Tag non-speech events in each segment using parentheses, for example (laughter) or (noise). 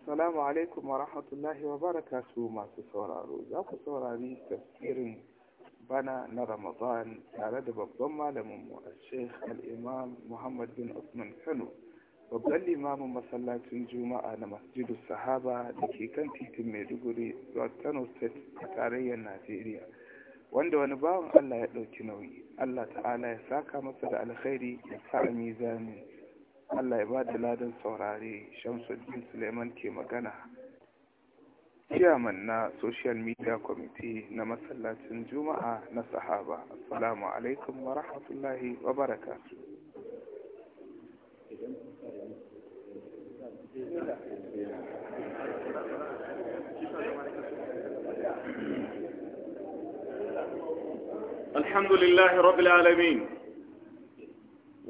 Assalamu alaikum wa rahmatullahi wa barakatu masu sauraro. Za ku saurari tafsirin bana na Ramadan tare da babban malamin mu a Sheikh Al-Imam Muhammad bin Usman Kano, babban limamin masallacin Juma'a na Masjidu Sahaba da ke kan titin Maiduguri, North Kano State a tarayyar Najeriya. Wanda wani bawan Allah ya ɗauki nauyi, Allah ta'ala ya saka masa da alkhairi da a mizani. Allah ya ba da ladan saurare Shamsuddin Suleiman ke magana. Chairman na Social Media Committee na masallacin Juma'a na Sahaba. Assalamu alaikum wa rahmatullahi wa barakatu. الحمد لله رب العالمين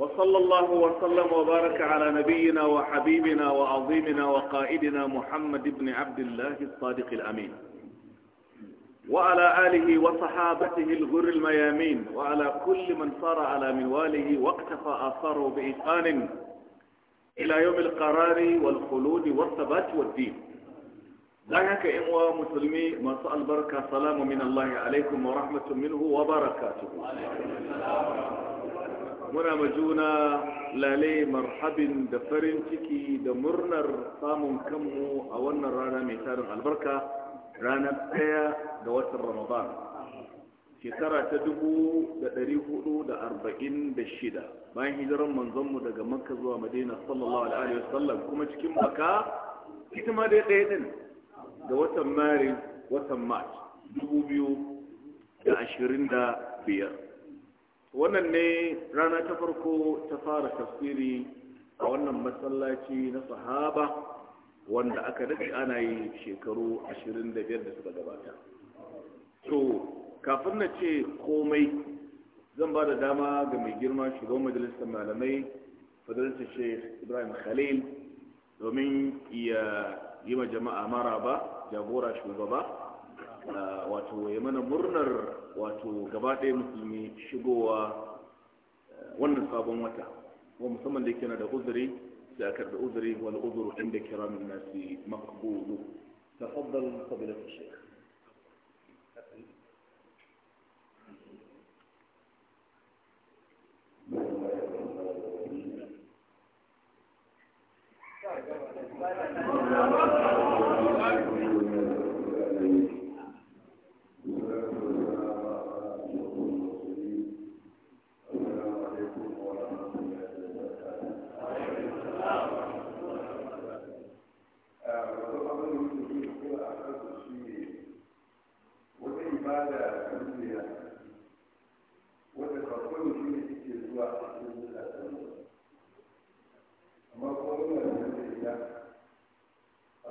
وصلى الله وسلم وبارك على نبينا وحبيبنا وعظيمنا وقائدنا محمد بن عبد الله الصادق الأمين وعلى آله وصحابته الغر الميامين وعلى كل من صار على منواله واقتفى آثاره بإتقان إلى يوم القرار والخلود والثبات والدين ذلك إموى مسلمي ما سأل بركة سلام من الله عليكم ورحمة منه وبركاته عليكم السلام ورحمة الله muna ma juna lale marhabin da farin ciki da murnar samun kanmu a wannan rana mai tarin albarka ranar ɗaya da watan ramadan shekara ta dubu da hudu da arba'in da shida bayan hijiran manzonmu daga makka zuwa madina sallallahu alaihi wasallam kuma cikin baka ita ma dai ɗaya ɗin da watan maris watan march dubu biyu da ashirin da biyar wannan ne rana ta farko ta fara tafsiri a wannan masallaci na sahaba wanda aka daɗe ana yi shekaru 25 da suka gabata to kafin na ce komai zan ba da dama ga mai girma shugaban majalisar malamai fadalta sheikh ibrahim khalil domin iya yi ma jama'a mara ba, jagora shugaba wato ya mana murnar wato gaba ɗaya musulmi shigowa wannan sabon wata wa musamman da yake na da uzuri sai aka da uzuri wani uzuru inda kiramin nasi ta tafaddal kabilar shekaru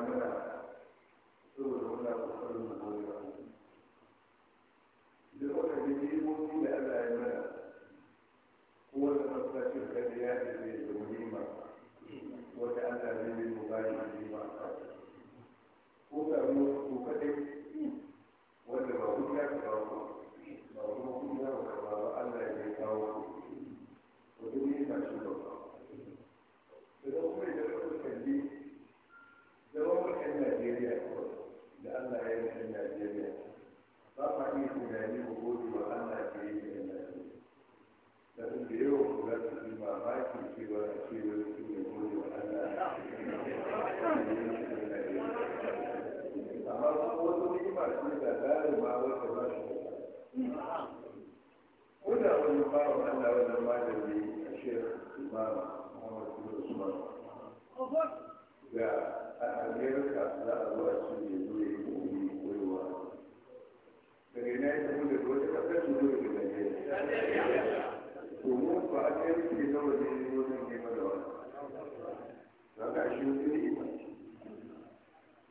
mana da wani bawa Allah wannan malami a shirin imama Muhammad bin Usman. Ga a Amerika za a zuwa su ne zuwa yi koyi koyowa. Daga ina ya tafi da wata kasar su zuwa da Najeriya. Domin ba a kai suke na waje ne wajen nema da wani. Za ka shi wasu ne ima.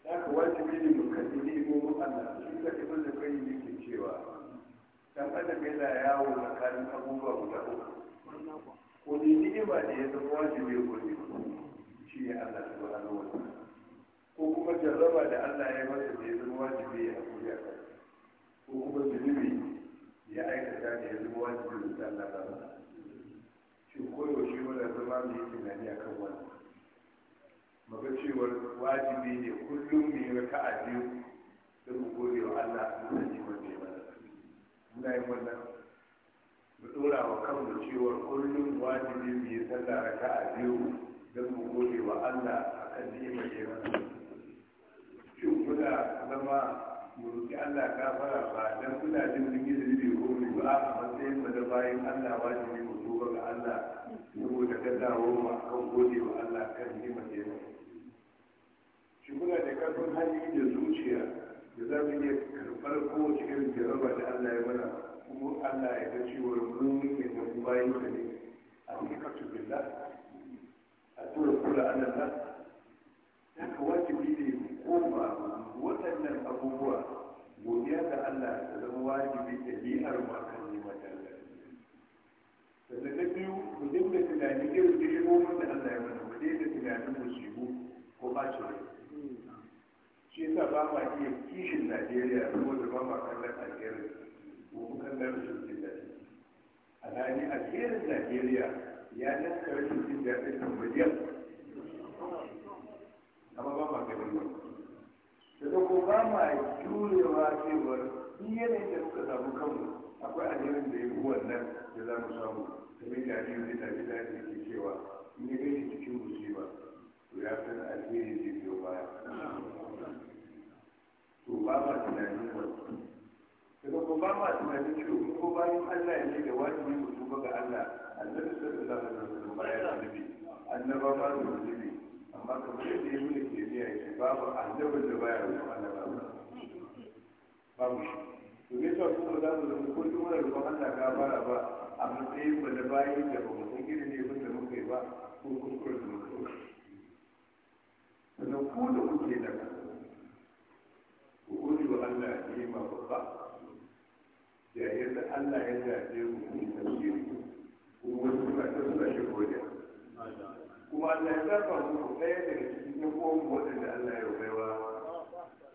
Za ka wajibi ne mu kalli ne gobe Allah. Shi ka tafi da kai ne ke cewa dan adam yana yawo tsakanin abubuwa guda uku ko ni ni'ima da ya zama wajibi ya gode shi ne Allah subhanahu wa ta'ala ko kuma jarraba da Allah ya masa da ya zama wajibi ya hakuri a kai ko kuma zunubi ya aikata da ya zama wajibi da Allah ba shi koyaushe wanda zama mai tunani kan wannan maka cewar wajibi ne kullum mai raka'a biyu da mu gode wa Allah da ji wanda ya muna yin wannan mu dora wa kanmu cewa kullum wajibi mu yi sallah a biyu don mu gode wa Allah a kan ni'imar da ya shin kuna zama mu roki Allah gafara ba dan kuna jin mun yi zunubi ko mu ba a matsayin mu da bayan Allah wajibi mu tuba ga Allah da dawo mu kan gode wa Allah kan ni'imar da ya shin kuna da karfin hali da zuciya da za mu iya karɓar kowace irin jaraba da Allah ya mana kuma Allah ya ga cewa mu muke da mu bayan ka ne a cikin billah a tura kula Allah ya ka wajibi ne koma waɗannan abubuwa godiya ga Allah da zama wajibi da biyar ma kan neman Allah sannan na biyu mu dinga tunanin irin da shi da Allah ya mana mu dinga tunanin musibu ko ba shi shi yasa ba ma iya kishin najeriya saboda ba ma kallon alherin ko kallon rashin jin daɗi alhali alherin najeriya ya naska rashin jin daɗin tambayar amma ba ma ganin ba da ko ba ma jurewa cewar ni yanayin da muka samu kanmu akwai alherin da ya fi wannan da za mu samu kamar da alherin da ta fi daɗi ke cewa in ya gaishe cikin musiba ya san alheri zai biyo baya to ba ma tunanin wani daga ko ba ma tunanin cewa ko bayan Allah ne da wajibi mu tuba ga Allah annabi sallallahu alaihi wasallam bayan annabi annaba ba su annabi amma kamar yadda ya nuna ke biya ba babu annabin da baya roƙon annaba ba shi to me ta kuma za mu ko kuma wani roƙon Allah ga fara ba a matsayin ba na bayan da ba mu san ne ba da muka ba ko kuskure da muka sannan ku da kuke daga ku gode wa Allah ya yi ma babba da yadda Allah ya zaɓe mu mu tafsiri ku wani suna ta suna shi godiya kuma Allah ya zaɓa muku ɗaya daga cikin yan uwan waɗanda Allah ya baiwa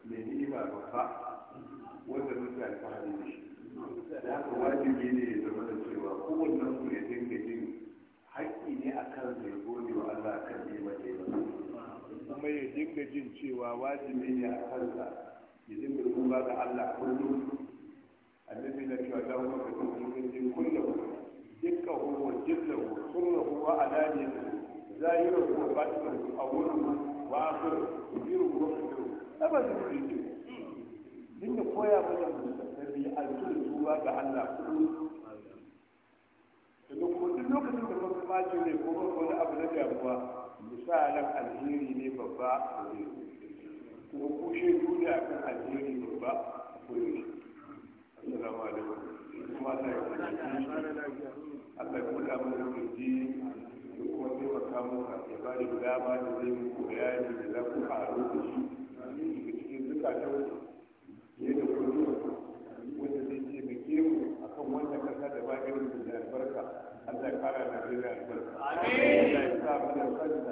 mai ni'ima babba wanda mutane fahimci da haka wajibi ne ya zama da cewa kowannen ku ya amma wajibi ne a kansa idan dinga ba ga Allah kullum annabi na cewa da kuma ka tuntuɓe din kullum dukkan huwa jillahu sirruhu wa alaniyatuhu zahiruhu wa batinahu awwaluhu wa akhiruhu yudiruhu wa yudiruhu abada kullu dinga koya mana musallabi a tuba ga Allah kullum domin ko duk lokacin da kuma mace ne ko wani abu na damuwa misalan alheri ne babba da zai kuma ku shaidu ne akan addini ne ba ku ne assalamu alaikum kuma Allah ya kula Allah ya kula mu da ji da kuma taimaka mu ya ba da dama da zai mu bayani da za ku faru da shi daga cikin zukatan ya da kudu wanda zai taimake mu akan wannan kasa da ba irin da albarka Allah ya fara Najeriya albarka. Amin. Allah ya sa mu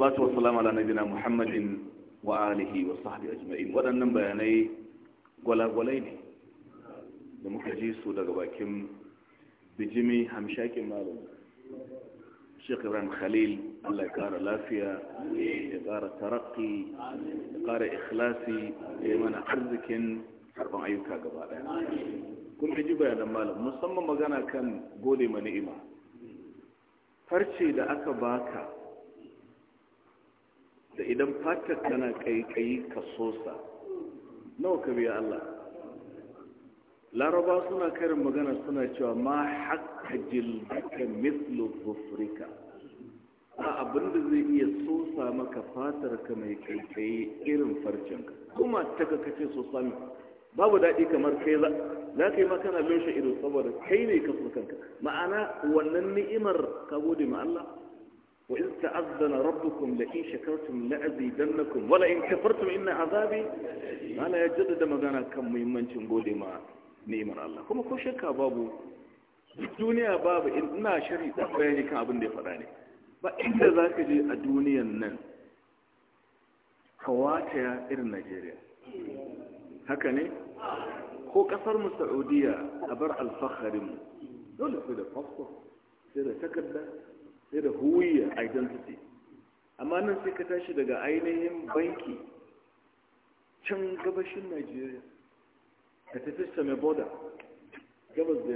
salatu wassalamu ala nabina muhammadin wa alihi wa sahbihi ajma'in waɗannan bayanai gwalagwalai ne da muka ji su daga bakin bijimi hamshakin malam Sheikh Ibrahim Khalil Allah ya ƙara lafiya ya ƙara taraki ya ƙara ikhlasi ya yi mana arzikin karban ayyuka gaba ɗaya kun ji bayanan malam musamman magana kan gode ma ni'ima farce da aka baka da idan fatar kana kaikayi ka sosa nawa ka biya Allah laraba suna karin magana suna cewa ma haka jilbaka mislu zufrika ba abinda zai iya sosa maka fatar ka mai kaikayi irin farcinka kuma ta ce sosa mai babu daɗi kamar kai za za ka yi makana lushe ido saboda kai ne ka kanka ma'ana wannan ni'imar ka gode ma Allah وإذ تأذن ربكم لئن شكرتم لأزيدنكم ولئن كفرتم إن عذابي ما لا يجد دم غانا كم ممن تنقول ما نيمر الله كما كو شكا بابو الدنيا بابو إن شري تفيني كان أبن دي فراني فإن ذاك جي الدنيا النن خواتها إر نجيريا هكني خو كفر مسعودية أبرع الفخر دول في الفخر سيدة تكبر sai da huwiyar identity amma nan sai ka tashi daga ainihin banki can gabashin nigeria ka tafi same border gabas da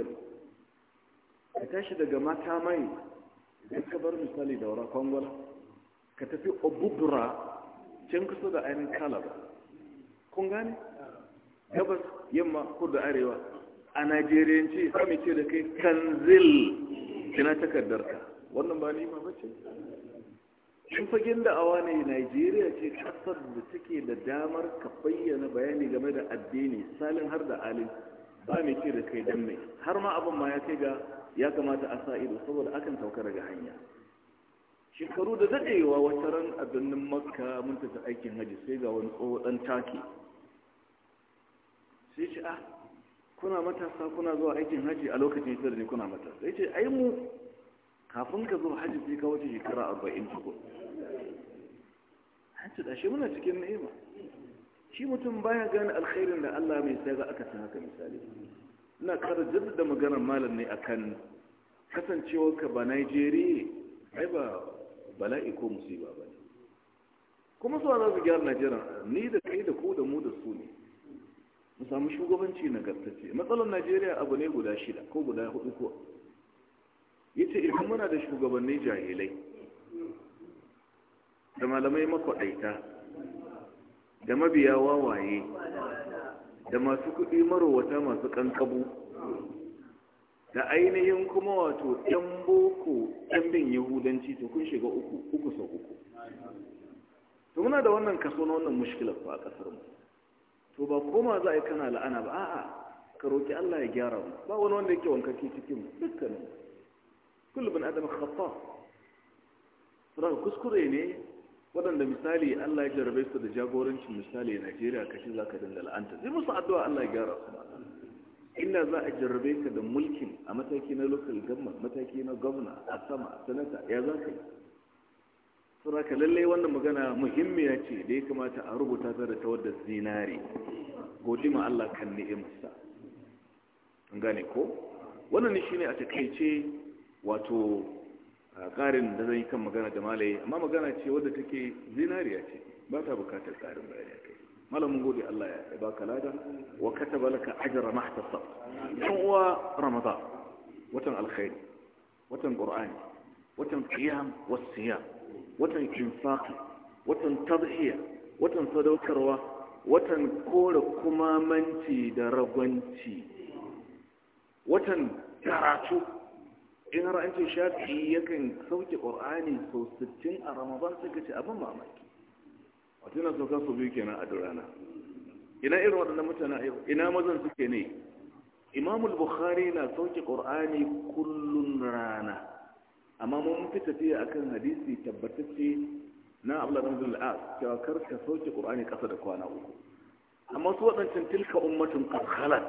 ka tashi daga mata mai don ka bar misali daura kwangwala ka tafi obubura can kusa da ainihin kalaba kun gane gabas yamma ko da arewa a ce sami ce da kai kanzil takardar takardarka wannan ba nima ba ce in fagen da'awa ne nigeria ce kasar da take da damar ka bayyana bayani game da addini salin har da alim ba mai ce da kai dan mai har ma abin ma ya kai ga ya kamata a sa ido saboda akan sauka daga hanya shekaru da daɗewa wata ran a birnin makka mun tafi aikin haji sai ga wani tsoho ɗan take sai ce ah kuna matasa kuna zuwa aikin haji a lokacin hitar ne kuna matasa sai ce ai mu kafin ka zo Haji sai ka wuce shekara arba'in tukun hajji da shi muna cikin ni'ima shi mutum baya gane alkhairin da Allah mai sai ga aka san haka misali ina kara jaddada maganar malam ne akan kasancewarka ba Najeriya ai ba bala'i ko musiba ba ne kuma su za su gyara Najeriya ni da kai da ko da mu da su ne mu samu shugabanci na nagartacce matsalar Najeriya abu ne guda shida ko guda hudu ko yace idan eh, muna da shugabanni jahilai da malamai makwaɗaita da mabiya wawaye da masu kuɗi marowata masu kankabu da ainihin kuma wato ɗan boko ɗan bin yahudanci to kun shiga uku uku sau uku to muna da wannan kaso na wannan mushkilar ba a kasar mu to ba koma za a yi kana la'ana ba a'a ka roƙi Allah ya gyara mu ba wani wanda yake wankaki cikin mu kullu bin adam khata saboda kuskure ne waɗanda misali Allah ya jarabe su da jagorancin misali a Najeriya kashin za ka dinga la'anta sai musu addu'a Allah ya gyara su inda za a jarabe ka da mulkin a mataki na local government mataki na gwamna a sama a sanata ya za ka yi saboda lallai wannan magana muhimmiya ce da ya kamata a rubuta ta da ta wadda zinare godi ma Allah kan ni'imarsa an gane ko wannan ne shine a takaice wato ƙarin da zai yi kan magana da malaye amma magana ce wadda take zinariya ce ba ta bukatar ƙarin bayani a kai malamin gode Allah ya ka lada wa kataba laka ajra mahtasab yan uwa ramada watan alkhairi watan qur'ani watan qiyam was watan infaqi watan tadhiya watan sadaukarwa watan kore kumamanci da ragwanci watan karatu in har an ce shafi'i yakan sauke ƙur'ani sau 60 a ramadan suka ce abin mamaki wato yana saukar su biyu kenan a durana ina irin waɗannan mutane ina mazan suke ne imamul bukhari na sauke ƙur'ani kullun rana amma mun fi tafiya kan hadisi tabbatacce na abdullahi bin al'as cewa kar ka sauke qur'ani ƙasa da kwana uku amma su wadancan tilka ummatun qad khalat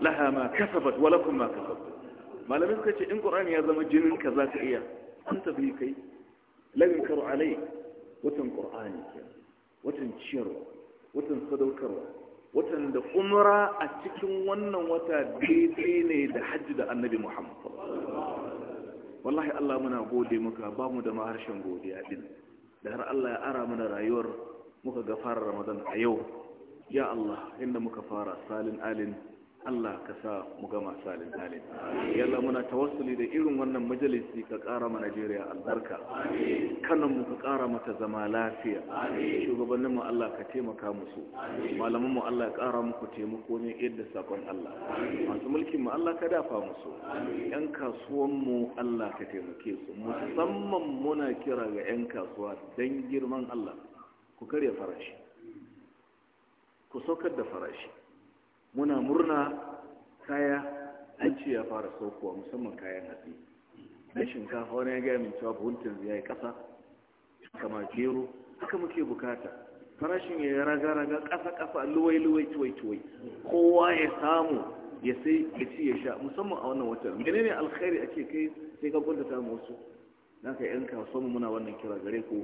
laha ma kasabat wa ma kasabat malamin suka ce in ƙorani ya zama jinin ka za ka iya an tafi kai lagin karo alai watan ƙorani watan ciyarwa watan sadaukarwa watan da umra a cikin wannan wata daidai ne da hajji da annabi muhammad wallahi allah muna gode muka ba mu da ma harshen godiya din da har allah ya ara mana rayuwar muka ga fara ramadan a yau ya allah inda muka fara salin alin Allah ka sa mu gama salin halin yalla muna tawassuli da irin wannan majalisi ka ƙara mana Najeriya albarka kanan mu ka ƙara mata zama lafiya shugabannin mu Allah ka taimaka musu malaman mu Allah ya ƙara muku taimako ne yadda sakon Allah masu mulkin mu Allah ka dafa musu yan kasuwan mu Allah ka taimake su musamman muna kira ga yan kasuwa dan girman Allah ku karya farashi ku saukar da farashi muna murna kaya an ce ya fara saukowa musamman kayan hatsi na shinkafa wani ya gaya min cewa buhuntun ya yi ƙasa kama gero haka muke bukata farashin ya raga-raga ƙasa-ƙasa luwai-luwai tuwai-tuwai kowa ya samu ya sai ya ci ya sha musamman a wannan watan mene ne alkhairi ake kai sai ka gwada ta wasu na ka yan kasuwa muna wannan kira gare ku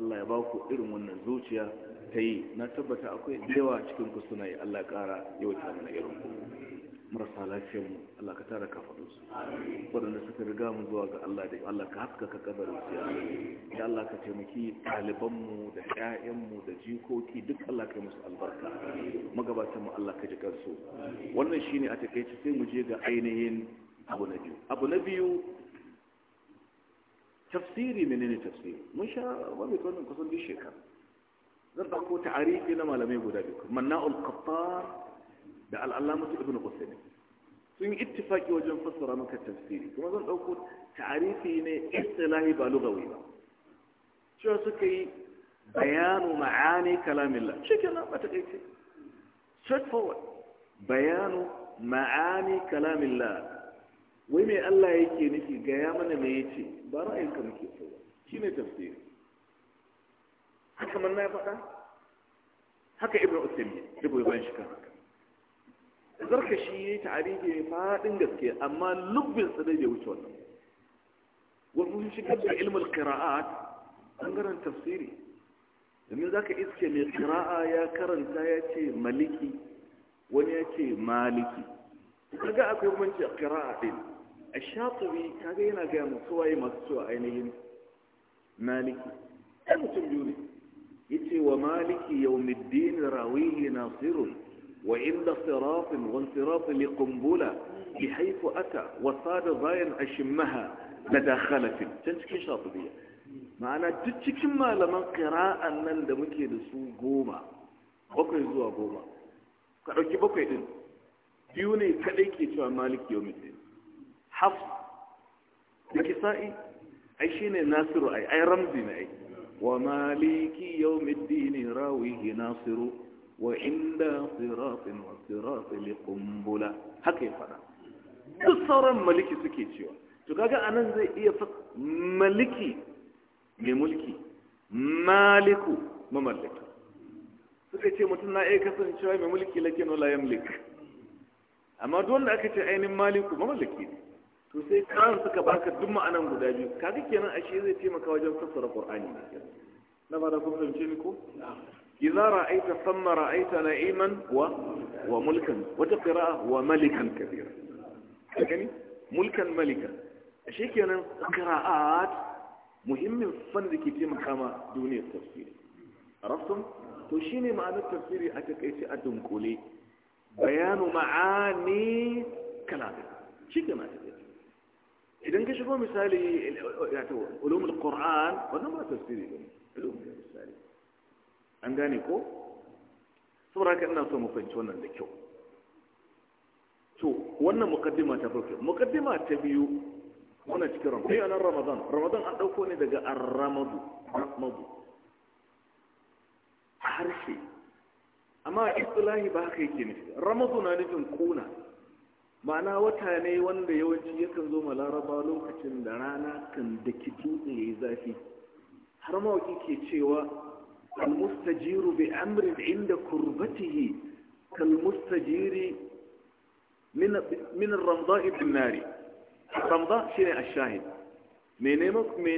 Allah ya ba ku irin wannan zuciya ta yi na tabbata akwai yawa cikin ku suna yi Allah ƙara yau ta mana irin ku marasa lafiyar mu Allah ka tara kafaɗu su waɗanda suka riga mu zuwa ga Allah da Allah ka ka kabar su ya Allah ka taimaki ɗaliban mu da ƴaƴan mu da jikoki duk Allah ka yi musu albarka magabatan mu Allah ka ji kansu wannan shine a takaice sai mu je ga ainihin abu abu na biyu tafsiri menene tafsiri mun sha wani wannan kusan duk shekara zan ɗauko ta'arifi na malamai guda biyu manna'ul qattar da al'allamatu ibn qusayn sun yi ittifaki wajen fassara maka tafsiri kuma zan dauko ta'arifi ne istilahi ba lugawi ba cewa suka yi bayanu ma'ani kalamillah shikenan ba ta straightforward bayanu ma'ani kalamillah wai mai Allah yake nufi gaya mana me yace ba ra'ayinka muke so ba shine tafsiri haka man na faɗa haka ibn usaymi duk ban shi kan haka zarka shi ne ta'arifi ne faɗin gaske amma lubbin sa dai bai wuce wannan wasu sun shigar da ilmul qira'at bangaren tafsiri domin zaka iske mai qira'a ya karanta ya ce maliki wani ya ce maliki kaga akwai banci qira'a din الشاطبي كاغينا كان سواي مكسو عينين مالكي المتجوري يتي ومالك يوم الدين راويه ناصر وعند صراط وانصراط لقنبلة بحيث أتى وصاد ضاين أشمها تدخل في تنسك شاطبية معنى تتك ما لما قراءة من دمك يدسو قوما بكي يزوى قوما كعجي بكي ديوني كليكي تو مالك يوم الدين hafs da kisa'i ai shi ne nasiru ai ai ramzi ne ai wa maliki yau middini rawihi nasiru wa inda sirafin wa sirafi likumbula haka ya fada duk sauran maliki suke cewa to kaga anan zai iya fa maliki mai mulki maliku mamallaki suka ce mutum na iya kasancewa mai mulki lakin wala yamlik amma duk wanda aka ce ainihin maliku mamallaki ne to sai kan suka baka duk ma'anan guda biyu kaga kenan ashe zai taimaka wajen fassara qur'ani na ba da kun fahimce ni ko idza ra'aita thumma ra'aita na'iman wa wa mulkan wata qira'a wa malikan kabira kani mulkan malika ashe kenan qira'at muhimmin fann da ke taimaka ma duniyar tafsiri arabtum to shine ma'anar tafsiri a takaice a dunkule bayanu ma'ani kalamin shi ke ma'anar idan ka shigo misali ulumul qur'an wannan ba tafsiri ne ulumul misali an gane ko saboda haka ina so mu fahimci wannan da kyau to wannan muqaddima ta farko muqaddima ta biyu wannan cikin ramadan sai anan ramadan ramadan an dauko ne daga ar-ramadu ramadu harshe amma istilahi ba haka yake nufi ramadu na nufin kuna ma'ana wata ne wanda yawanci yakan zo ma laraba lokacin da rana kan da kitu ya yi zafi har mawaki ke cewa bai bi amrin inda kurbatihi kalmustajiri min ramza ibn nari ramza shi ne ashahid mai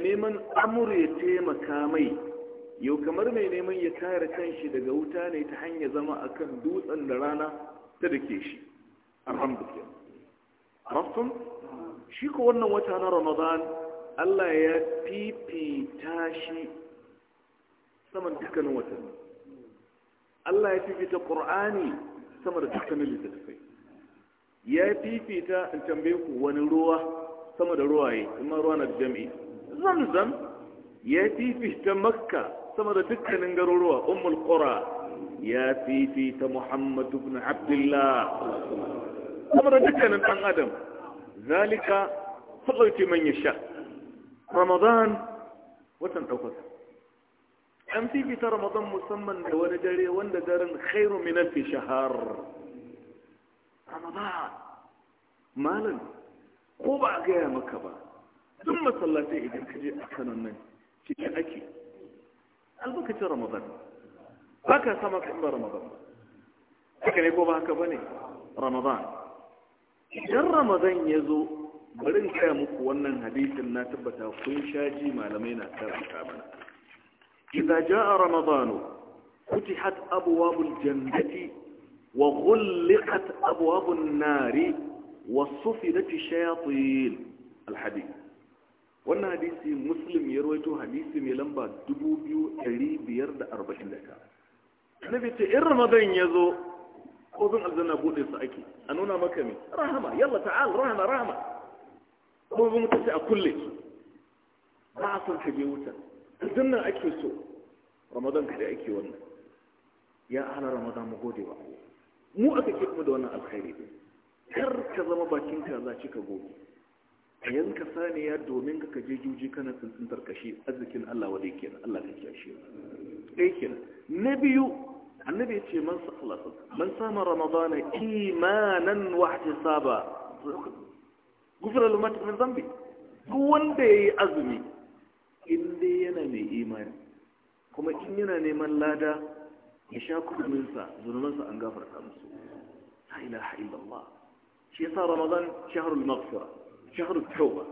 neman amur ya taimaka mai yau kamar mai neman ya kare kanshi daga wuta ne ta hanyar zama akan dutsen da rana ta dake shi alhamdu rafton shi ko wannan wata na ramadan allah ya fifita shi saman dukkanin watanni allah ya fifita qur'ani sama da dukkanin littattafai ya fifita in tambaye ku wani ruwa sama da ruwaye kuma ruwa na jam'i zamzam ya fifita makka sama da dukkanin garuruwa ummul qura ya fifita muhammad ibn abdullah saboda dukkanin ɗan adam zalika faɗauki man ya sha ramadan watan ɗaukaka an fifita ramadan musamman da wani dare wanda daren khairu min alfi shahar ramadan malam ko ba a gaya maka ba duk masallatai idan ka je a kanan nan cikin ake albakacin ramadan ba ka sama kan ba ramadan haka ne ko ba haka ba ne ramadan idan ramadan ya zo barin kaya muku wannan hadisin na tabbata kun sha ji malamai na karanta mana idza jaa ramadan kutihat abwabul jannati wa ghulqat abwabun nari wa sufidat shayatin alhadith wannan hadisi muslim ya rawaito hadisi mai lamba 2541 nabi ta in ramadan ya zo ko zan aljanna bude su ake a nuna maka ne rahama yalla ta'al rahama rahama ko bin mutunci a kulle ba a son ka je wuta aljanna ake so ramadan kada ake wannan ya ala ramadan mu gode wa mu aka ke kuma da wannan alkhairi din kar ka zama bakin ka za ci ka gobe a yanka saniya domin ka je juji kana tsuntsuntar kashi arzikin Allah wa kenan Allah ka kiyashe ɗaya kenan na biyu annabi ce man sallallahu man sama ramadana imanan wa ihtisaba gufra lahu ma min Zambi. duk wanda yayi azumi in dai yana mai imani kuma in yana neman lada ya sha kudumin sa zunubansa an gafarta musu la ilaha illallah shi yasa ramadan shahrul maghfira shahrul tauba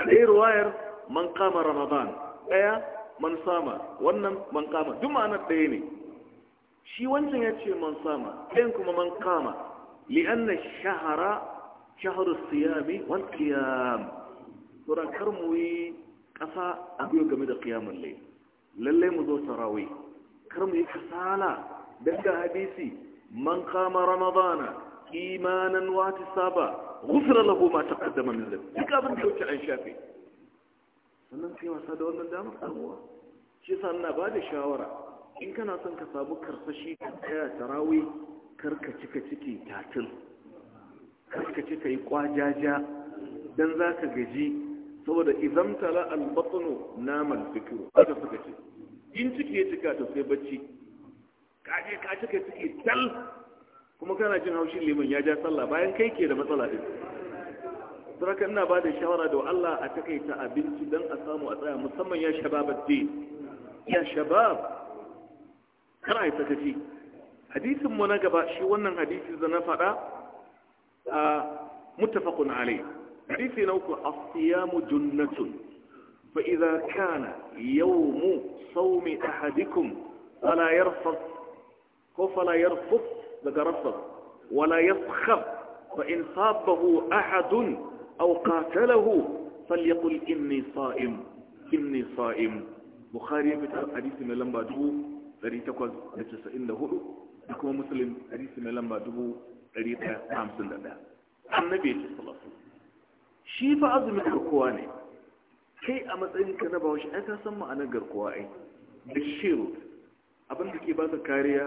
a ɗaya ruwayar man qama ramadan ɗaya man sama wannan man kama duk ma'anar ɗaya ne shi wancan ya ce man sama ɗayan kuma man kama li'anna shahara shaharu siyami wal qiyam sura kar mu yi ƙasa a biyu game da qiyamul layl lalle mu zo sarawai, kar mu yi kasala dan ga hadisi man kama ramadana imanan wa tisaba ghufira lahu ma taqaddama min dhanbi duk abin da wuce an shafe sannan kai wasa da wannan damar kamuwa shi sa ina ba da shawara in kana son ka samu karsashi ka tsaya tarawi karka cika ciki tatil karka cika yi kwajaja don za ka gaji saboda idan tala albatsano naman fikiru aka suka ce in ciki ya cika ta sai bacci kaje ka cika ciki tal kuma kana jin haushin liman ya ja sallah bayan kai ke da matsala din saraka ina ba da shawara da Allah a takaita abinci don a samu a tsaya musamman ya shababar din ya shabab kar a yi sakaci hadisin mu na gaba shi wannan hadisi da na faɗa a muttafaqun alai hadisi na uku as-siyamu junnatun fa idza kana yawmu sawmi ahadikum fala yarfas ko fala yarfus daga rafas wala yaskhab fa in sabahu ahadun aw qatalahu falyaqul inni sa'im inni sa'im bukhari ya fitar hadisi mai lamba dubu 894 da kuma muslim hadisi mai lamba 1151 annabi ya ce sallallahu shi fa azumin garkuwa ne kai a matsayin ka na bawashi ai ka san ma'anar garkuwa ai da shiru abin da ke ba ka kariya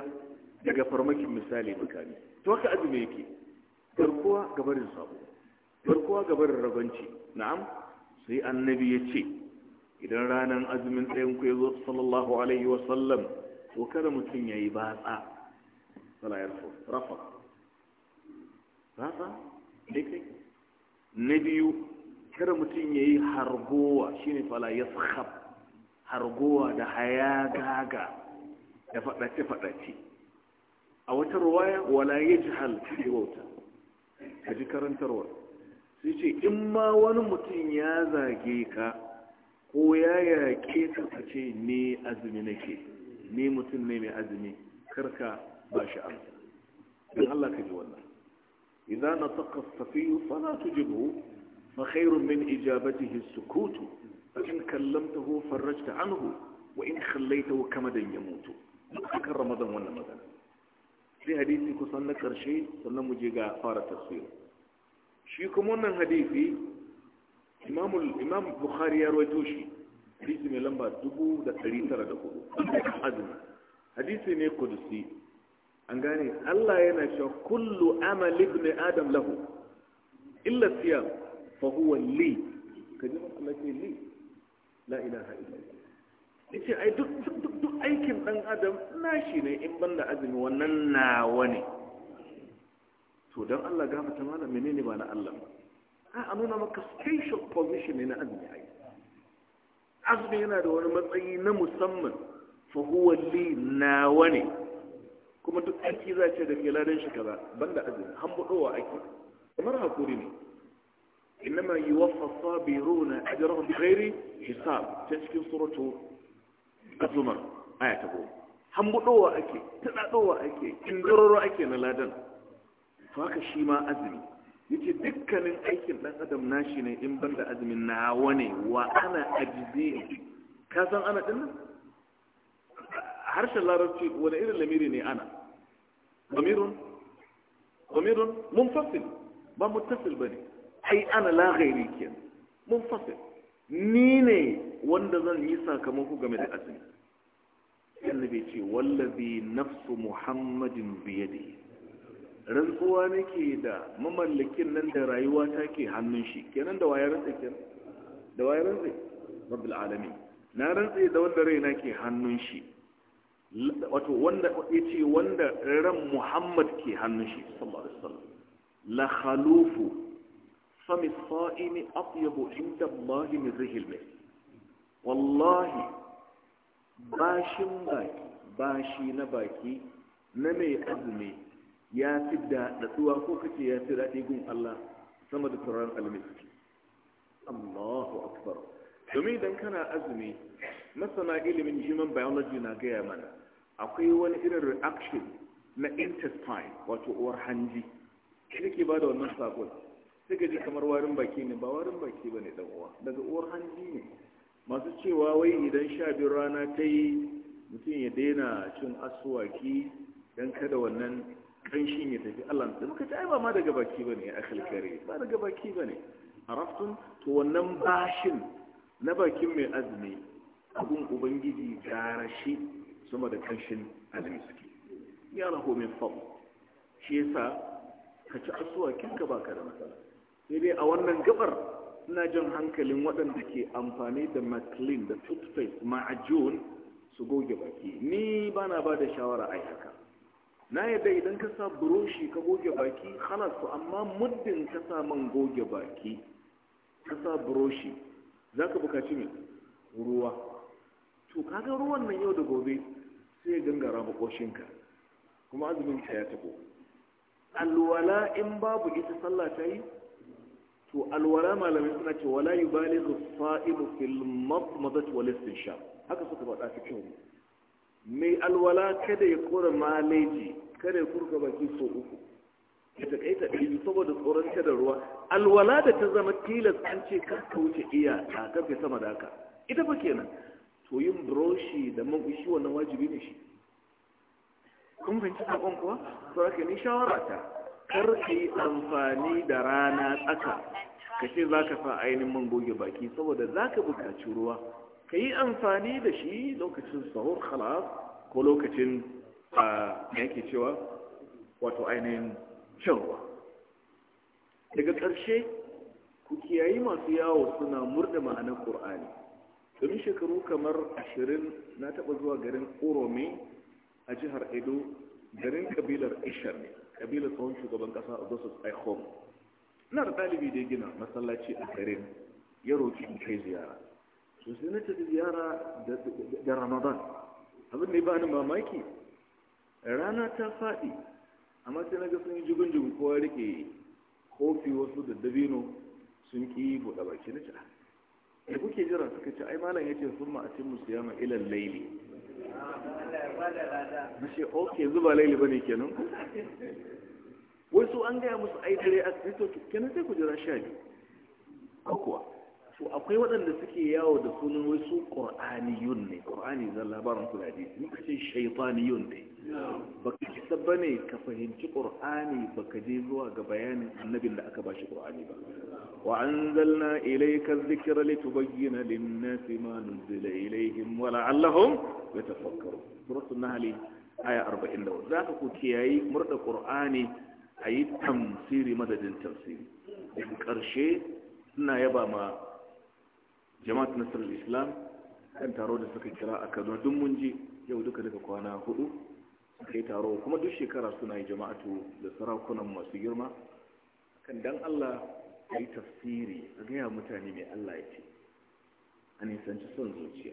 daga farmakin misali bukari to haka azumi yake garkuwa gabarin sabo garkuwa gabarin rabanci na'am sai annabi ya ce idan ranar azumin ɗayan ya zo sallallahu alaihi wasallam to kada mutum ya yi batsa wala ya rafa batsa ne na biyu kada mutum ya yi hargowa shi ne fala ya tsakab hargowa da hayagaga da faɗace-faɗace a wata ruwaya wala ya ji hal da wauta ka ji karantarwa sai ce in ma wani mutum ya zage ka ko ya yaƙe ka ce ne azumi nake ni mutum ne mai azumi karka ba shi amsa dan Allah ka ji wannan idan na taqa safiyu fala tujibu fa khairun min ijabatihi sukutu fa in kallamtahu farajta anhu wa in khallaytahu kamadan yamutu akan ramadan wannan magana sai hadisi kusan na karshe sannan mu je ga fara tafsir shi kuma wannan hadisi imam imam bukhari ya rawaito shi hadisi mai lamba dubu da ɗari tara da hudu azumi hadisi ne kudusi an gane Allah yana cewa kullu amalin ibn adam lahu illa siya fa huwa li ji masu lafi li la ilaha illa ce ai duk duk duk aikin ɗan adam nashi ne in banda azumi wannan nawa ne to don Allah gafata malam menene ba na Allah a nuna maka special position ne na azumi ai azumi yana da wani matsayi na musamman fa nawa ne kuma duk aiki za ce da filanin shi kaza banda azumi hambudowa aiki kamar hakuri ne إنما يوفى الصابرون أجرهم بغير حساب تشكي صورته الزمر آية تقول hambudowa ake tunadowa ake kindirarwa ake na ladan to haka shi ma azumi yace dukkanin aikin dan adam nashi ne in banda azumin nawa ne wa ana ajzi ka san ana din nan harshen larabci wani irin lamiri ne ana lamirun lamirun munfasil ba muttasil bane ai ana la ghairi ke munfasil ni ne wanda zan yi sakamako game da azumi annabi ce wallazi nafsu muhammadin biyadihi rantsuwa nake da mamallakin nan da rayuwa ta ke hannun shi kenan da waye rantsa kenan da waye rantsa rabbul alamin na rantsa da wanda raina ke hannun shi wato wanda yace wanda ran Muhammad ke hannun shi sallallahu alaihi wasallam la khalufu fami sa'imi atyabu inda Allah min rihil mai wallahi bashin baki bashi na baki na mai azumi ya fi da natsuwa ko kace ya fi daɗi gun Allah sama da turaren almiski Allahu akbar domin idan kana azumi masana ilimin human biology na gaya mana akwai wani irin reaction na intestine wato uwar hanji shi ke ba da wannan sakon sai ka ji kamar warin baki ne ba warin baki ba ne dan uwa daga uwar hanji ne masu cewa wai idan sha biyu rana ta yi mutum ya daina cin asuwaki don kada wannan kanshin ya tafi Allah sai muka ce ai ba ma daga baki bane ya akhil kare ba daga baki bane araftum to wannan bashin na bakin mai azumi abun ubangiji gara shi sama da kanshin azumi suke ya raho min fadl shi yasa ka ci asuwa kinka baka da matsala sai dai a wannan gabar ina jan hankalin waɗanda ke amfani da maclean da toothpaste ma'ajun su goge baki ni bana ba da shawara ai haka na yadda idan ka sa buroshi ka goge baki halasu amma muddin ka sa man goge baki ka sa buroshi za ka bukaci ne ruwa to kaga ruwan nan yau da gobe sai ya gangara makoshinka kuma azumin ka ya tabo alwala in babu ita sallah ta yi to alwala malamai suna ce wala yubalighu sa'ibu fil madmadati wal sha. haka suka faɗa cikin mai alwala kada ya kora maleji kada ya kurka baki so uku ya ta ɗari saboda tsoron da ruwa alwala da ta zama tilas an ce kar ka wuce iya a kafe sama da haka ita ke kenan to yin broshi da magushi wannan wajibi ne shi kun fahimci sakon kuwa to haka ni shawara ta kar ka yi amfani da rana tsaka ka ce za ka sa ainihin man goge baki saboda za ka buƙaci ruwa ka yi amfani da shi lokacin sahur khalas ko lokacin a yake cewa wato ainihin shan daga ƙarshe ku kiyayi masu yawo suna murda ma'anar ƙur'ani domin shekaru kamar ashirin na taɓa zuwa garin oromi a jihar edo garin ƙabilar ishar ne ƙabilar tsohon shugaban ƙasa a zasu aikom ina da ɗalibi da gina masallaci a garin ya roƙi kai ziyara to sai na ziyara da ramadan abin da ya bani mamaki rana ta faɗi amma sai na ga sun yi kowa rike kofi wasu da dabino sun ƙi buɗa baki na ci'a ah, da kuke jira suka ce ai malam ya ce sun ma a musu ma ilan laili na ce ok zuba laili ba ne, kenan wasu an gaya musu ai dare a to kenan sai ku jira sha biyu kuwa to akwai waɗanda suke yawo da sunan wai su ƙor'aniyun ne ƙor'ani zan labarin su da hadisi muka ce ne baka ji sabba ne ka fahimci ƙor'ani baka je zuwa ga bayanin annabin da aka bashi ƙor'ani ba wa anzalna ilayka dhikra litubayyana lin-nasi ma nuzila ilayhim wa la'allahum yatafakkarun suratul nahl aya 41 zaka ku kiyayi murda ƙor'ani ayi tamsiri madadin tafsiri daga ƙarshe suna yaba ma jama'at nasarar islam kan taro da suka kira a kaduna duk mun ji yau duka daga kwana hudu suka taro kuma duk shekara suna yi jama'atu da sarakunan masu girma kan dan allah a yi tafsiri a gaya mutane mai allah ya ce a nisanci son zuciya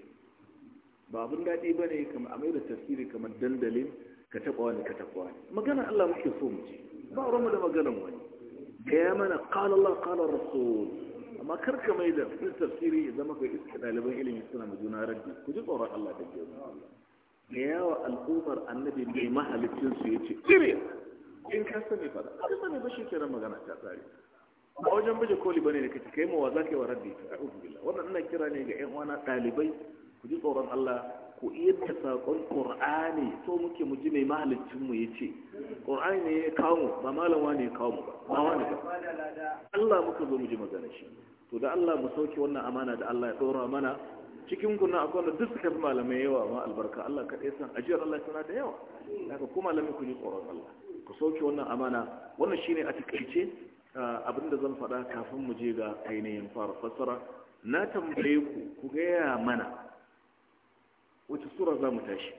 ba abin daɗi ba ne a mai da tafsiri kamar dandalin ka taɓa wani ka taɓa wani magana allah muke so mu ce ba mu da maganar wani gaya mana ƙalallah ƙalar rasul amma kar ka mai da wani tafsiri ya zama kai iska ɗaliban ilimi suna mu juna rabbi ku ji tsoron Allah da jiya ga yawa al'ummar annabi mai mahalicin su yace kire in ka sani fada ka sani ba shi kiran magana ta tsari a wajen baje koli bane da kace kai mawa zaka yi wa rabbi a'udhu billah wannan ina kira ne ga ƴan uwana ɗalibai ku ji tsoron Allah ku yadda saƙon ƙur'ani so muke mu ji mai mahalicinmu ya ce ƙur'ani ne ya kawo mu, ba malama ne ya kawo mu ba ba wani ba Allah muka zo mu ji magana shi to da Allah mu sauke wannan amana da Allah ya ɗora mana cikin kuna akwai wanda duk suka fi malamai yawa ma albarka Allah kaɗai san ajiyar Allah tana da yawa daga ku malamai ku ji tsoron Allah ku sauke wannan amana wannan shine a takaice ah, abin da zan faɗa kafin mu je ga ainihin fara fassara na tambaye ku ku gaya mana wace sura za mu tashi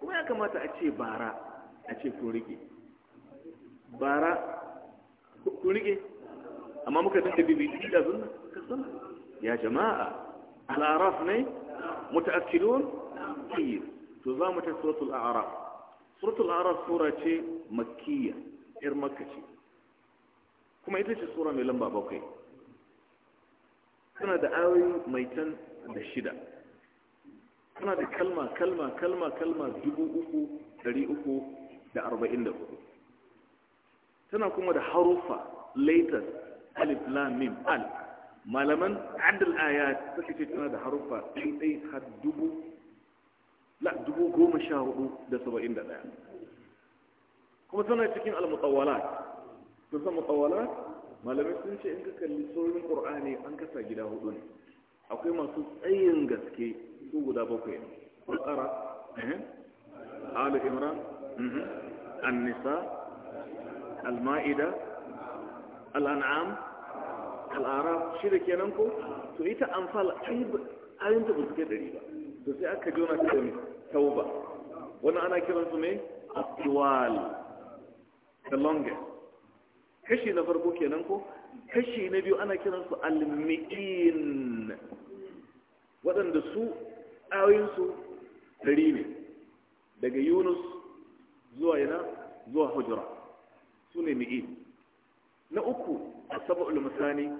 kuma ya kamata a ce bara a ce kun bara kun amma muka dinka bibiti da zunna ka sunna ya jama'a al'araf ne mutaakkilun tayyib to za mu ta suratul a'raf suratul a'raf sura ce makkiya ir makka ce kuma ita ce sura mai lamba bakwai tana da ayoyi mai tan da shida suna da kalma kalma kalma kalma dubu uku dari uku da arba'in da hudu tana kuma da harufa later alif lam mim al malaman adal ayat suka ce tana da harufa ɗai ɗai har dubu la dubu goma sha hudu da saba'in da ɗaya kuma tana cikin almutawalat sun san mutawalat malamai sun ce in ka kalli saurin ƙur'ani an kasa gida hudu ne akwai masu tsayin gaske su guda bakwai ƙara eh, ala eh, annisa al-ma'ida al-an'am al-araf shi da kenan ko to ita amfal ayyanta ba su ke ɗari ba to sai aka jona ta da tauba Wani ana kiransu ne atiwal the longest kashi na farko kenan ko kashi na biyu ana kiransu almi'in waɗanda su ayoyinsu ɗari ne daga yunus zuwa yana zuwa hujura su ne mi'in na uku a saba'ul musani,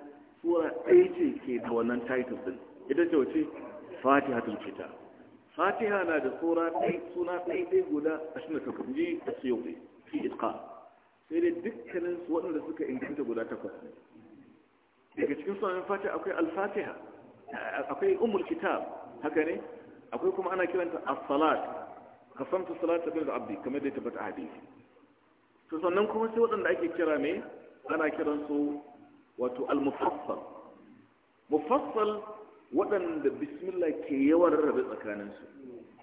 sura ɗaya ce ke da wannan titus din ita ce wace fatiha tun fita fatiha na da sura ɗaya suna ɗaya ɗaya guda a shi na ji a siyoyi fi iska. sai dai dukkanin su waɗanda suka inganta guda takwas ne daga cikin sunan fatiha akwai alfatiha akwai umul kitab haka ne akwai kuma ana kiranta as-salat qasamtu salata bil abdi kamar da tabbata hadisi to sannan kuma sai waɗanda ake kira ne ana su wato al-mufassal mufassal waɗanda bismillah ke yawan rarrabe tsakaninsu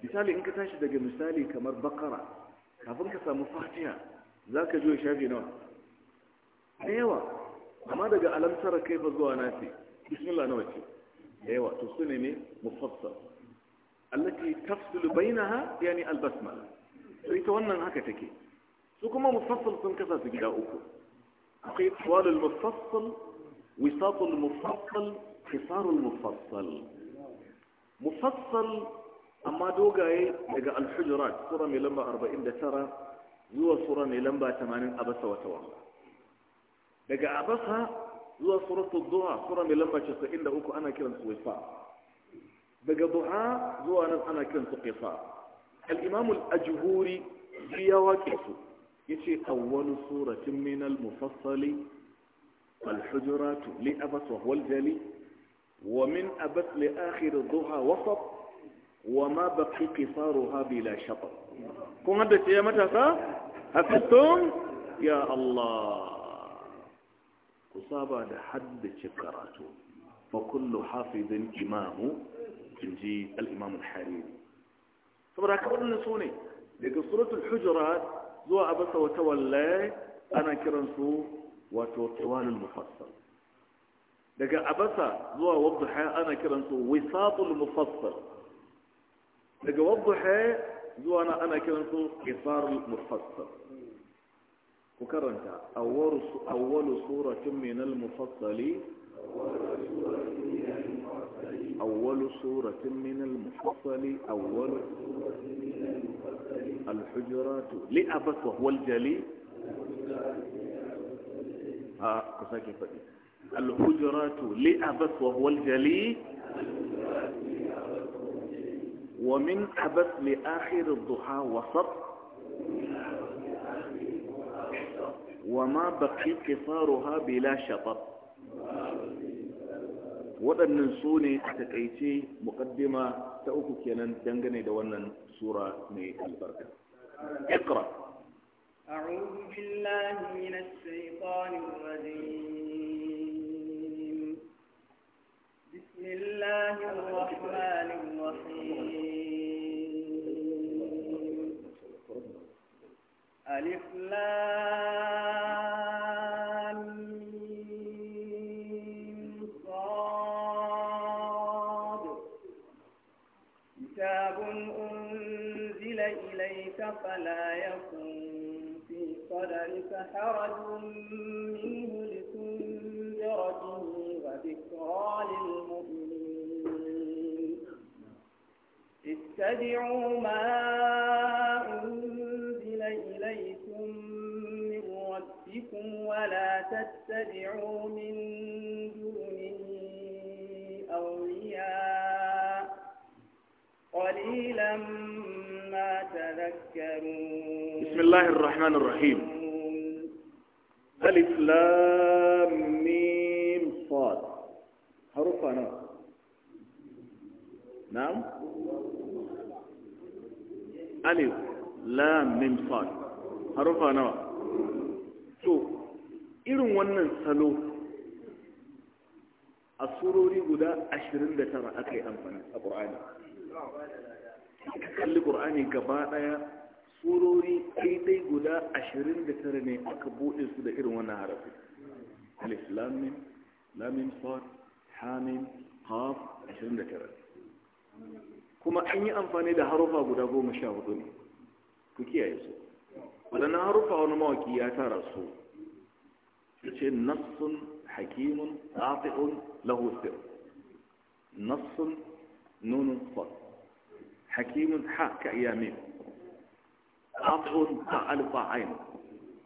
misali in ka tashi daga misali kamar bakara kafin ka samu fatiha za ka juya shafi nawa da yawa amma daga alamtara kai fa zuwa nasi bismillah nawa ce هو إيه تصنمي مفصل التي تفصل بينها يعني البسملة يتونا هكا تكي سوكما مفصل تنكسا تجد أكو أخي طوال المفصل وساط المفصل حصار المفصل مفصل أما دوغا إيه الحجرات سورة ملمبة أربعين دسارة يوى سورة ملمبة ثمانين أبسة وتوالى لقى أبسة zuwa suratul duha sura mai lamba 93 ana kiran su wifa daga duha zuwa nan ana kiran su qifa al-imam al-ajhuri biya wake su yace awwal suratin min al-mufassal al-hujurat li abas wa huwa al-jali wa min abas li akhir duha wasat wa ma baqi qisaruha bila shatr kun hada ce matasa hafitum ya allah كصابة حد شكراته وكل حافظ إمامه جنجي الإمام الحريري طبعا كبير نسوني لقد صورت الحجرات زوا أبس وتولى أنا كرنسو وتوال المفصل لقد أبس زوا وضحى أنا كرنسو وساط المفصل لقد وضحى زوا أنا كرنسو قصار المفصل وكرنت أول أول سورة من المفصل أول سورة من المفصل أول الحجرات لأبس وهو الجلي آه كساكي فدي الحجرات لأبس وهو الجلي ومن أبس لآخر الضحى وسط وما بقي قصارها بلا شطر waɗannan su ne a taƙaice muƙaddima ta uku kenan dangane da wannan sura mai albarka. Iqra. أعوذ بالله من الشيطان الرجيم بسم الله الرحمن الرحيم ألف لام فلا يكن في صدرك حرج منه لتنذر به وذكرى للمؤمنين اتبعوا ما أنزل إليكم من ربكم ولا تتبعوا من دونه أولياء قليلا تذكرون بسم الله الرحمن الرحيم ألف لام ميم صاد حروف أنا نعم ألف لام ميم صاد حروف أنا شوف irin ونن سلو a غدا guda 29 أكي yi amfani a ka kalli ƙur'ani gaba ɗaya surori ɗaiɗai guda ashirin da tara ne aka buɗe su da irin wannan harafi alif lamin lamin fat hamin haf ashirin da tara kuma an yi amfani da harufa guda goma sha hudu ne ku kiyaye su waɗannan harufa wani mawaki ya tara su ya ce nassun hakimun ɗafi'un lahusir nassun nunun fat حكيم حاء كأيامين قطع تاء ألف عين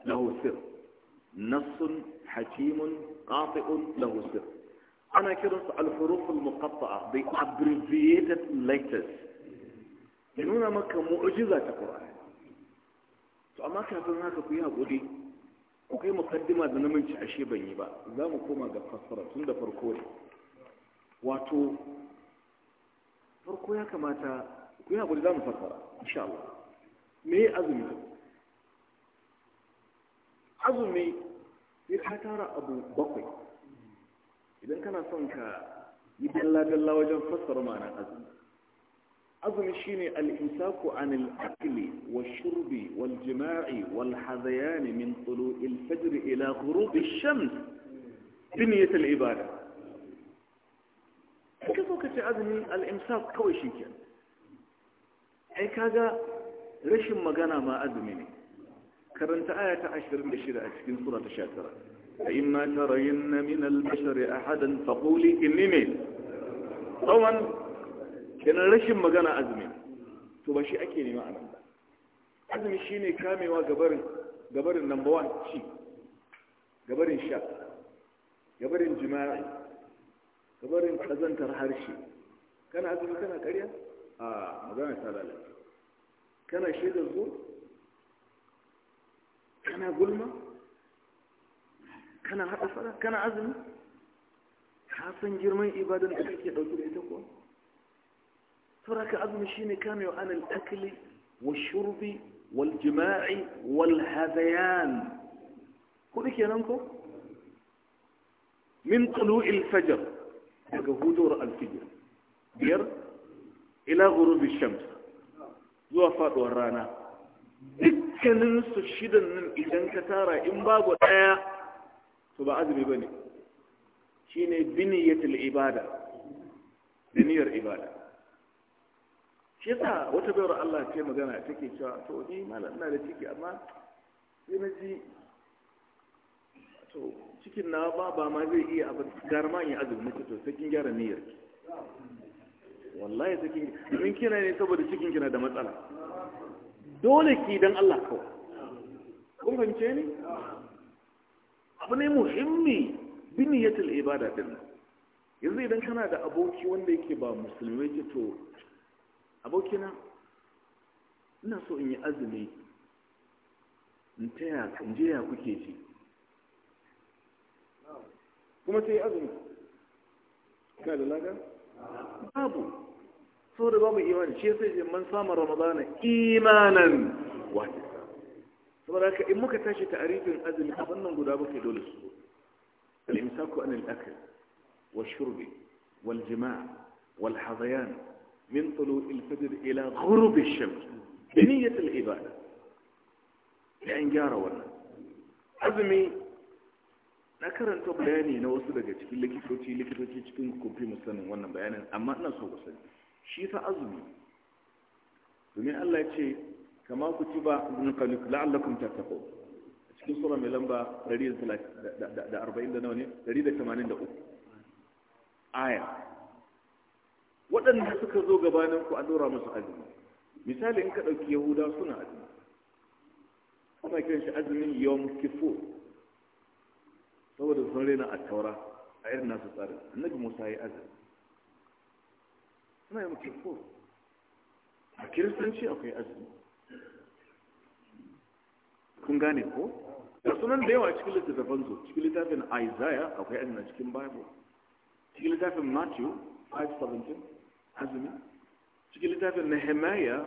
له سر نص حكيم قاطع له سر أنا كرس الحروف المقطعة the abbreviated letters هنا مكة مؤجزة القرآن فأما كافرنا هكا فيها قولي وكي مقدمة أنا من شعشي بني با ذا مقومة قد فصرة تند فرقولي واتو farko كما kamata كنا نقول لا مفرفرة إن شاء الله هي أظمي أزمي يرحتار أبو بقي إذا كان صنك الله جل وجل فسر معنا أزمي أزمي شيني الإنساك عن الأكل والشرب والجماع والحذيان من طلوع الفجر إلى غروب الشمس بنية العبادة كيف كنت أظمي الإنساك كوي شيكين ai kaga rashin magana ma azumi ne karanta aya ta 26 a cikin sura ta 19 fa imma tarayna min al-bashari ahadan faquli inni tsawon kenan rashin magana azumi to ba shi ake nema a nan ba azumi shine kamewa gabarin gabarin number 1 ci gabarin sha gabarin jima'i gabarin kazantar harshe kana azumi kana ƙarya a magana ta lalata. كان يشهد الزور كان يقلم كان أسرى كان عزم حسن جرمي إبادة أكيد أوتوه تقوى ترك عزم الشين كان يعاني الأكل والشرب والجماع والهذيان قولك يا ننكو من طلوع الفجر دور الفجر إلى غروب الشمس zuwa faduwar rana dukkanin su shidan nan idan ka tara in babu daya to ba azumi bane shine biniyatul ibada biniyar ibada shi yasa wata bayar Allah ce magana take cewa to ni malam ina da ciki amma sai na ji to cikin na ba ba ma zai iya abin garma in azumi to sai kin gyara niyyar wallahi cikin in kina ne saboda cikin kina da matsala dole ki dan Allah ko kun fahimce ni abu ne muhimmi biniyatul ibada din yanzu idan kana da aboki wanda yake ba musulmi ce to na, ina so in yi azumi in taya in je ya kuke ji kuma sai azumi kana da laga babu سورة باب إيمان شيء يصير من صام رمضان إيمانا واحتسابا فبراك إما كتاشي تعريف أذن أظن قدابة دول السور الإمساك أن الأكل والشرب والجماع والحضيان من طلوع الفجر إلى غروب الشمس بنية العبادة لأن جار ولا أزمي نكر أن تبياني نوصل لك لك توتي لك توتي تكون كوبي مسلم وانا بيانا أما أنا سوى shi ta azumi domin Allah ce kama ku ci ba kalik la'allakum tattaqu cikin sura mai lamba 140 da nawa ne 183 aya waɗanda suka zo gabanin ku an musu azumi misali in ka ɗauki yahuda suna azumi ana kiran shi azumin yom kifo saboda sun rena a taura a irin nasu tsarin annabi musa ya azumi suna yi mutum ko a kiristanci akwai azumi kun gane ko da sunan da yawa cikin littattafan zo cikin littafin isaiah akwai azumi cikin bible cikin littafin matthew 517 azumi cikin littafin nehemiah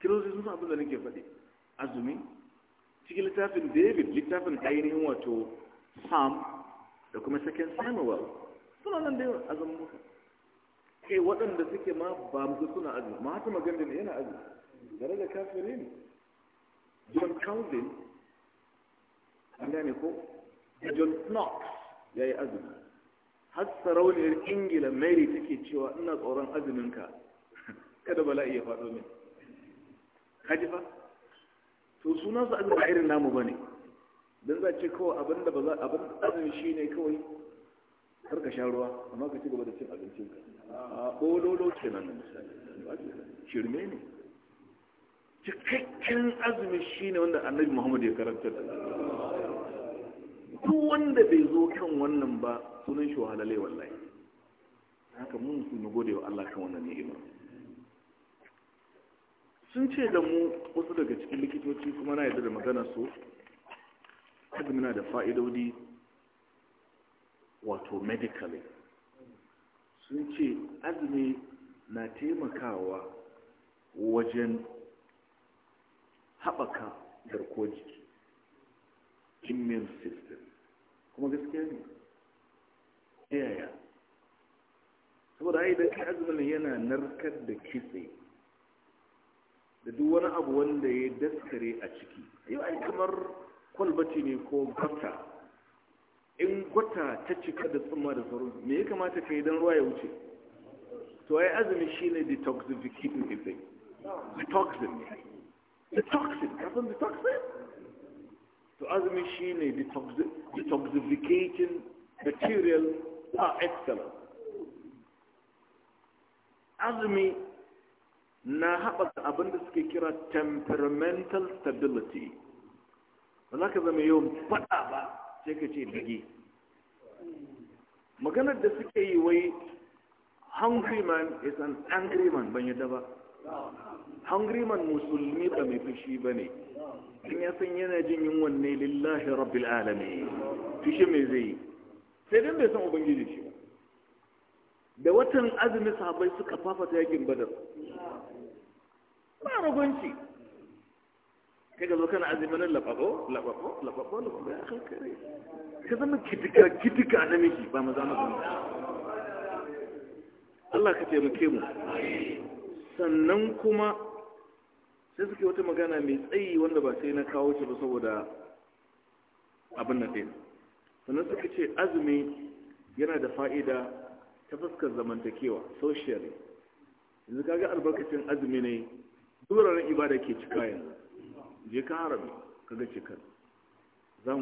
kiristoci sun abin da nake faɗi azumi cikin littafin david littafin ainihin wato sam da kuma second samuel suna nan da yawa azumi mutane kai waɗanda suke ma ba musu suna azumi ma hata maganda ne yana azumi gare da kafirin john calvin an gane ko john knox ya yi azumi har sarauniyar ingila mary take cewa ina tsoron azuminka (laughs) kada bala'i ya faɗo min kaji fa to suna su azumi irin namu ba ne don za ce kawai abin da ba za abin azumi shi ne kawai karka sha ruwa amma ka ci gaba da cin abincinka a ɓololo kenan shirme ne cikakken azumi shine wanda annabi muhammad ya karanta da duk wanda bai zo kan wannan ba sunan shi wahalalai wallahi haka mun su na gode wa Allah kan wannan ni'ima sun ce da mu wasu daga cikin likitoci kuma na yadda da magana su azumi na da fa'idodi wato medically sun ce azumi na taimakawa wajen haɓaka garkuwar jiki immune system kuma gaskiya ne yaya saboda ai da azumin yana narkar da kitse da duk wani abu wanda ya daskare a ciki yau ai kamar kwalbati ne ko gata in gwata ta cika da tsumma da sauran me ya kamata ka yi don ruwa ya wuce to ai azumi shi shine detoxification effect detoxin detoxin kafin detoxin to azumi shi ne detoxification material par excellence azumi na haɓaka abin da suke kira temperamental stability ba za ka zama yawan faɗa ba sai ka ce bige maganar da suke yi wai hungry man is an angry man ban yadda ba hungry man musulmi ba mai fushi ba ne in ya san yana jin yunwan ne lillahi rabbil alami fushi mai zai yi sai dan bai san ubangiji shi ba da watan azumi sahabbai suka fafata yakin badar ba ragunci kaga zo kana azumi nan lafafo lafafo lafafo kuma ya kare ka zama kitika kitika na miki ba maza maza Allah ka taimake mu sannan kuma sai suke wata magana mai tsayi wanda ba sai na kawo shi ba saboda abin na ɗaya sannan suka ce azumi yana da fa'ida ta fuskar zamantakewa socially yanzu kaga albarkacin azumi ne wuraren ibada ke cika yanzu je ka harami ka ga cikar za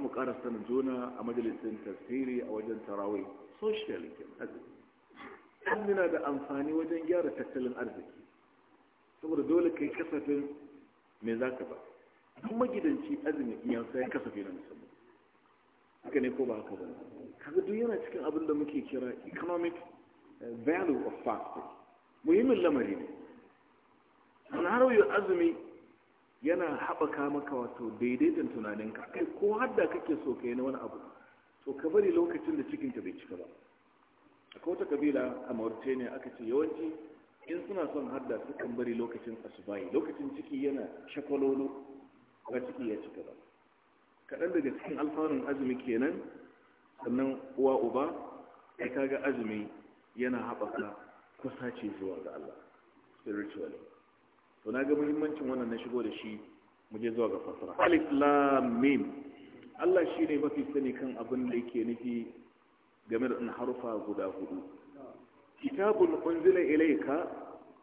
mu ƙara sanin juna a majalisar tasiri a wajen tarawai social an nuna da amfani wajen gyara tattalin arziki saboda dole kai kasafin me za ka ba duk magidanci azumi in yansa ya kasafi na musamman haka ne ko ba haka ba kaga duk yana cikin abin da muke kira economic eh, value of fasting muhimmin lamari ne an harawa azumi yana haɓaka maka wato daidaitan tunaninka kai ko hadda kake so ka yi na wani abu to ka bari lokacin da cikinka bai cika ba a kawata kabila a mauritania aka ce yawanci in suna son hadda sukan bari lokacin asubahi lokacin ciki yana shakwalolo ba ciki ya cika ba kaɗan daga cikin alfanun azumi kenan sannan uwa uba ya kaga azumi yana haɓaka kusa ce zuwa ga allah spiritually to na ga muhimmancin wannan na shigo da shi mu je zuwa ga fasara alif lam mim Allah shine mafi sani kan abin da yake nufi game da harufa guda hudu kitabun unzila ilayka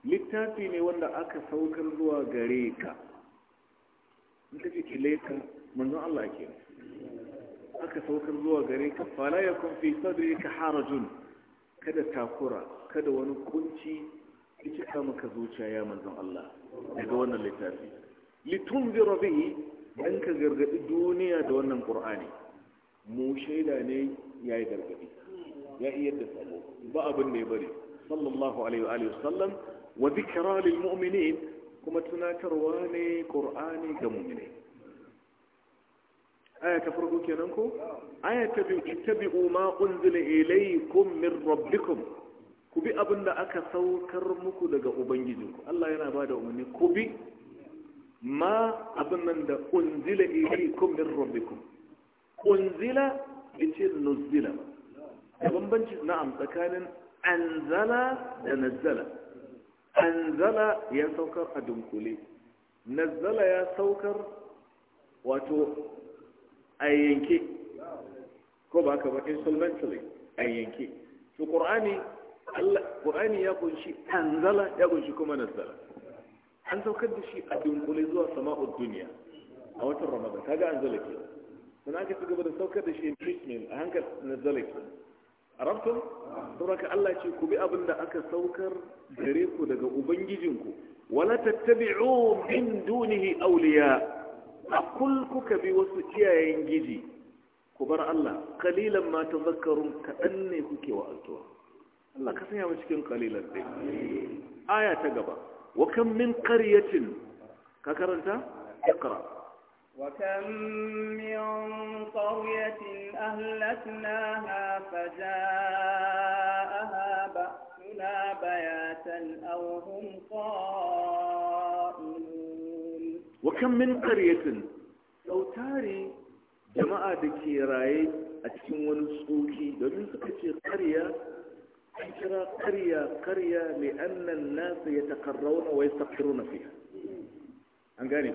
littafi ne wanda aka saukar zuwa gare ka in kace ilayka manzon Allah ke aka saukar zuwa gare ka fala yakun fi sadrika harajun kada takura kada wani kunci ya cika maka zuciya ya manzon Allah daga wannan littafi litunzira bihi dan ka gargadi duniya da wannan qur'ani mu shaida ne yayi gargadi ya iya da sabo ba abin ne ya bari sallallahu alaihi wa alihi wasallam wa dhikra lil mu'minin kuma tunatarwa ne qur'ani ga mu'minai aya ta farko kenan ko aya ta biyu ittabi'u ma unzila ilaykum min rabbikum ku bi abin da aka saukar muku daga ubangijinku Allah yana ba da umarni ku bi ma abin nan da unzila ku min rabbikum unzila ita nuzila da bambanci na'am tsakanin anzala da nazala anzala ya saukar a dunkule nazala ya saukar wato a yanke ko ba ka ba instrumentally a yanke su qur'ani Allah Qur'ani ya kunshi anzala ya kunshi kuma nazala an saukar da shi a dunkule zuwa sama'ud duniya a watan Ramadan kaga anzala ke sun aka ci gaba da saukar da shi in a hankali nazala ke arabtum saboda Allah ce ku bi abin da aka saukar gare ku daga ubangijinku wala tattabi'u min dunihi awliya kuka bi wasu iyayen giji ku bar Allah kalilan ma tazakkarun kaɗan ne kuke wa'azuwa. Allah ka sanya mu cikin kalilan dai. aya ta gaba wa kam min qaryatin ka karanta iqra wa kam min qaryatin ahlaknaha fajaaha ba'una bayatan aw hum qa'ilun wa kam min qaryatin sautari jama'a da ke raye a cikin wani tsoki domin suka ce ƙarya an kira karya karya mai annan nasu ya takarrauna wai sakiruna fiya an gane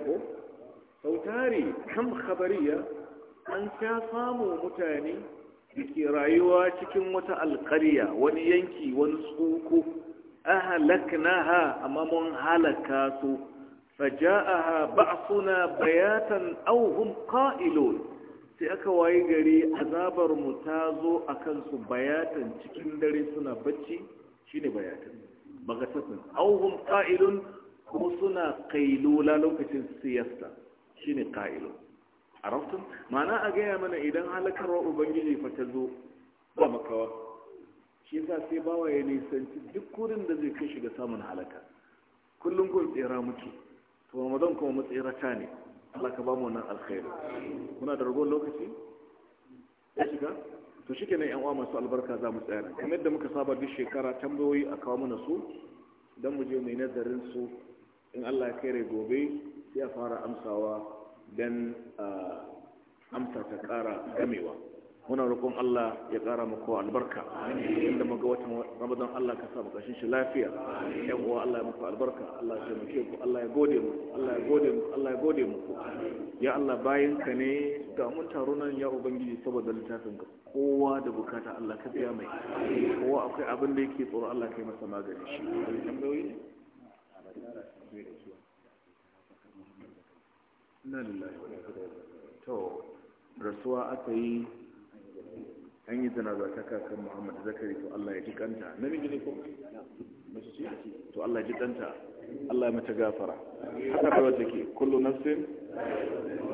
sautari kam khabariya an sha samu mutane da rayuwa cikin wata alkarya wani yanki wani tsoko ahalaknaha amma mun halaka su faja'aha ba'suna bayatan aw hum qa'ilun sai aka wayi gari azabar mu ta zo a kansu bayatan cikin dare suna bacci shine bayatan bagatatan auhum ƙa'ilun kuma suna ƙailula lokacin siyasta shine qa'ilun arabtum ma'ana a gaya mana idan halakarwa ubangiji fa ta zo ba makawa shi yasa sai bawa ya nisanci duk wurin da zai kai shiga samun halaka kullum kun tsira muke to ramadan kuma matsirata ne Allah ka ba mu wannan alkhairi kuna da rabon lokaci ya shiga to shi kenan yan uwa masu albarka za mu tsaya kamar da muka saba duk shekara tambayoyi a kawo mana su don mu je mai nazarin su in Allah ya kare gobe sai a fara amsawa don ah, amsa ta kara gamewa muna roƙon Allah ya ƙara muku albarka inda muka watan Ramadan Allah ka sa bukashin shi lafiya yan uwa Allah ya muku albarka Allah ya taimake ku Allah ya gode muku Allah ya gode muku Allah ya gode muku ya Allah bayan ka ne ga mun taro nan ya ubangiji saboda littafin ka kowa da bukata Allah ka biya mai kowa akwai abin da yake tsoro Allah kai masa magani shi tambayoyi ne inna lillahi wa inna ilaihi raji'un to rasuwa aka yi an yi janaza ta kakan muhammad zakari to allah ya ji kanta namiji ne ko mace ce to allah ya ji kanta Allah mata gafara haka kawai take kullu nafsin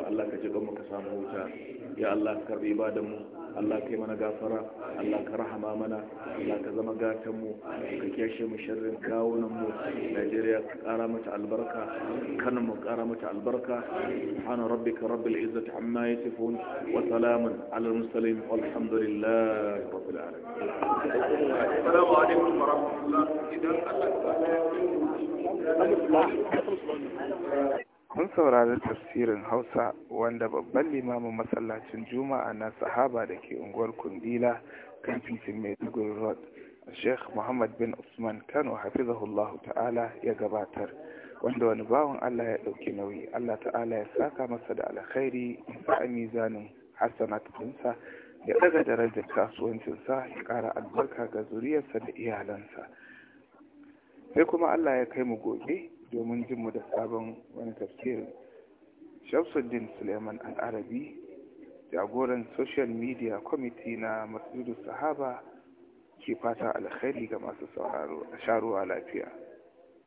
Allah ka ji don muka samu wuta ya Allah ka karbi ibadan mu Allah kai mana gafara Allah ka rahama mana Allah ka zama gatan mu ka kyashe mu sharrin kawunan mu Najeriya ka kara mata albarka Kano mu kara mata albarka subhana rabbika rabbil izzati amma yasifun wa salamun ala mursalin walhamdulillahi rabbil alamin assalamu alaikum wa rahmatullahi idan Allah ya kun saurari tafsirin Hausa wanda babban limamin masallacin Juma'a na sahaba da ke unguwar Kundila kan mai Maiduguri Road, Sheikh Muhammad bin Usman Kano hafizahullahu ta'ala ya gabatar. wanda wani bawan Allah ya ɗauki nauyi Allah ta'ala ya saka masa da alkhairi a mizanin hasanat ɗinsa ya daga darajar kasuwancinsa ya ƙara albarka ga zuriyarsa da iyalansa sai kuma Allah ya kai mu gobe domin jin mu da sabon wani tafsirin Shamsuddin Suleiman al'arabi jagoran social media committee na masudu Sahaba ke fata alkhairi ga masu sauraro a sharuwa lafiya